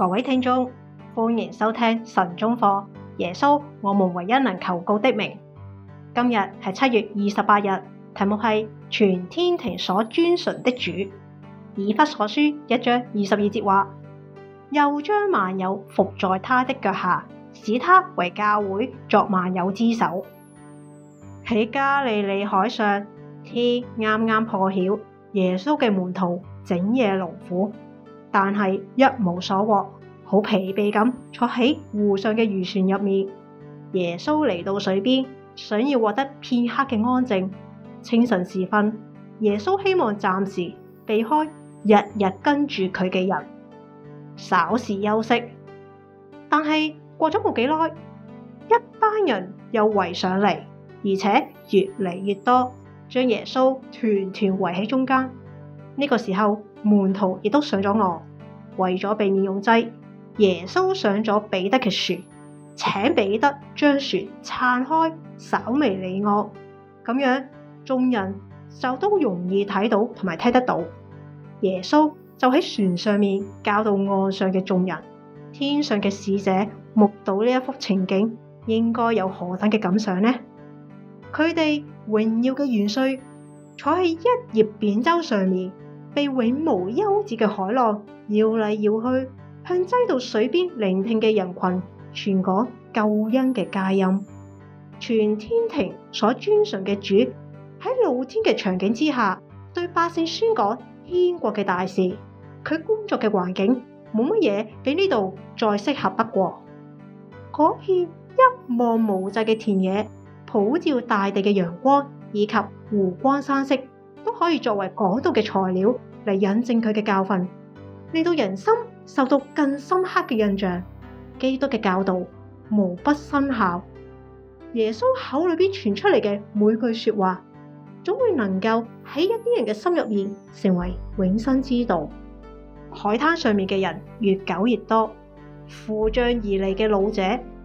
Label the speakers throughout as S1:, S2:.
S1: 各位聽眾，歡迎收聽神中課，耶穌，我們唯一能求告的名。今日係七月二十八日，題目係全天庭所尊崇的主。以弗所書一章二十二節話：又將萬有伏在他的腳下，使他為教會作萬有之首。喺加利利海上，天啱啱破曉，耶穌嘅門徒整夜勞苦。但係一無所獲，好疲憊咁坐喺湖上嘅漁船入面。耶穌嚟到水邊，想要獲得片刻嘅安靜。清晨時分，耶穌希望暫時避開日日跟住佢嘅人，稍事休息。但係過咗冇幾耐，一班人又圍上嚟，而且越嚟越多，將耶穌團團圍喺中間。呢個時候。門徒亦都上咗岸，為咗避免擁擠，耶穌上咗彼得嘅船，請彼得將船撐開，稍微離岸，咁樣眾人就都容易睇到同埋聽得到。耶穌就喺船上面教導岸上嘅眾人。天上嘅使者目睹呢一幅情景，應該有何等嘅感想呢？佢哋榮耀嘅元帥坐喺一葉扁舟上面。被永無休止嘅海浪搖嚟搖去，向擠到水邊聆聽嘅人群傳講救恩嘅佳音。全天庭所尊崇嘅主喺露天嘅場景之下，對百姓宣講天國嘅大事。佢工作嘅環境冇乜嘢比呢度再適合不過。嗰片一望無際嘅田野，普照大地嘅陽光，以及湖光山色，都可以作為嗰度嘅材料嚟引證佢嘅教訓，令到人心受到更深刻嘅印象。基督嘅教導無不生效，耶穌口裏邊傳出嚟嘅每句說話，總會能夠喺一啲人嘅心入面成為永生之道。海灘上面嘅人越久越多，扶杖而嚟嘅老者、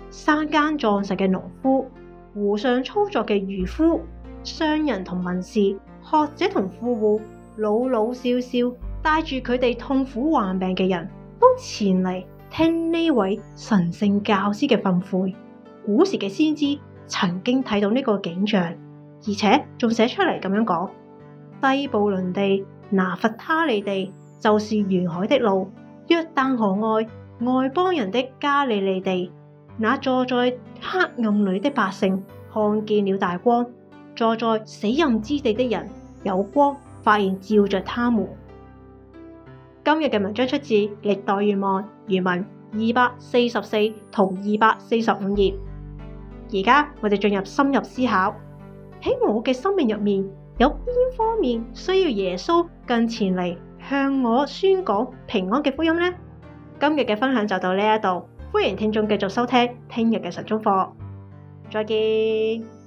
S1: 山間壯實嘅農夫、湖上操作嘅漁夫、商人同文士。學者同富戶老老少少，帶住佢哋痛苦患病嘅人都前嚟聽呢位神聖教師嘅訓誨。古時嘅先知曾經睇到呢個景象，而且仲寫出嚟咁樣講：低 布倫地、拿弗他利地，就是沿海的路；約旦河外外邦人的加利利地，那坐在黑暗裏的百姓看見了大光。坐在死蔭之地的人，有光發現照着他們。今日嘅文章出自《歷代願望》原文二百四十四同二百四十五頁。而家我哋進入深入思考，喺我嘅生命入面，有邊方面需要耶穌更前嚟向我宣講平安嘅福音呢？今日嘅分享就到呢一度，歡迎聽眾繼續收聽聽日嘅神中課，再見。